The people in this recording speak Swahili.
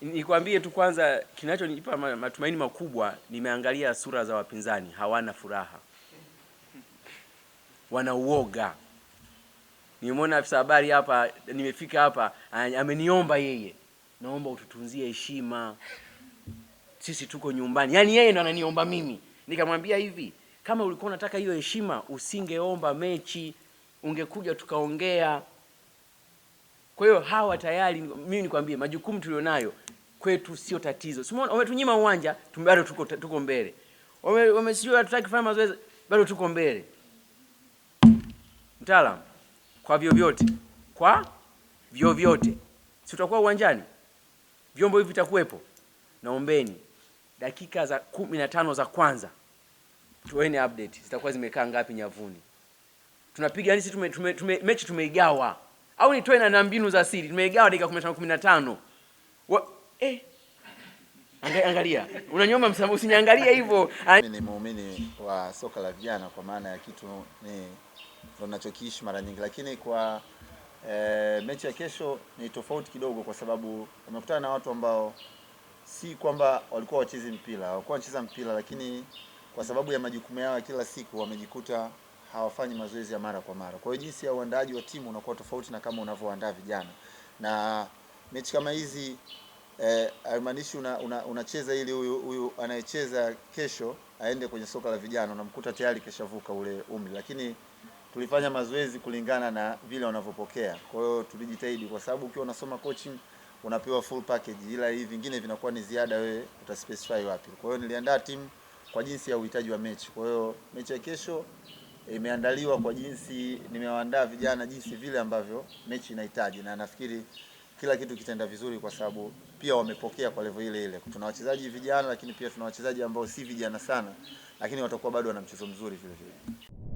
Nikwambie tu kwanza, kinachonipa matumaini makubwa, nimeangalia sura za wapinzani, hawana furaha, wana uoga. Nimeona afisa habari hapa, nimefika hapa, ameniomba yeye, naomba ututunzie heshima, sisi tuko nyumbani. Yaani yeye ndo ananiomba mimi. Nikamwambia hivi, kama ulikuwa unataka hiyo heshima usingeomba mechi, ungekuja tukaongea kwa hiyo hawa tayari, mimi nikwambie, majukumu tulionayo kwetu sio tatizo. Simona wametunyima uwanja, bado tuko, tuko mbele. Wamesio hatutaki kufanya mazoezi, bado tuko mbele. Mtaalam, kwa vyovyote, kwa vyovyote, si tutakuwa uwanjani, vyombo hivi vitakuwepo. Naombeni dakika za kumi na tano za kwanza tuone update zitakuwa zimekaa ngapi nyavuni. Tunapiga yani, sisi tume, tume, tume, mechi tumeigawa au nitoe na mbinu za siri, nimeigawa dakika 15 na Eh, angalia, unanyoma msamu, usiniangalie hivyo. Ni muumini wa soka la vijana, kwa maana ya kitu ni tunachokiishi mara nyingi, lakini kwa e, mechi ya kesho ni tofauti kidogo, kwa sababu wamekutana na watu ambao si kwamba walikuwa wachezi mpira, walikuwa wanacheza mpira, lakini kwa sababu ya majukumu yao ya kila siku wamejikuta hawafanyi mazoezi ya mara kwa mara. Kwa hiyo jinsi ya uandaaji wa timu unakuwa tofauti na kama unavyoandaa vijana, na mechi kama hizi eh, haimaanishi unacheza una, una ili huyu huyu anayecheza kesho aende kwenye soka la vijana, unamkuta tayari keshavuka ule umri, lakini tulifanya mazoezi kulingana na vile wanavyopokea. Kwa hiyo tulijitahidi, kwa sababu ukiwa unasoma coaching unapewa full package, ila hivi vingine vinakuwa ni ziada, wewe utaspecify wapi. Kwa hiyo niliandaa timu kwa jinsi ya uhitaji wa mechi. Kwa hiyo mechi ya kesho imeandaliwa kwa jinsi nimewaandaa vijana jinsi vile ambavyo mechi inahitaji, na nafikiri kila kitu kitaenda vizuri, kwa sababu pia wamepokea kwa level ile ile. Tuna wachezaji vijana, lakini pia tuna wachezaji ambao si vijana sana, lakini watakuwa bado wana mchezo mzuri vile vile.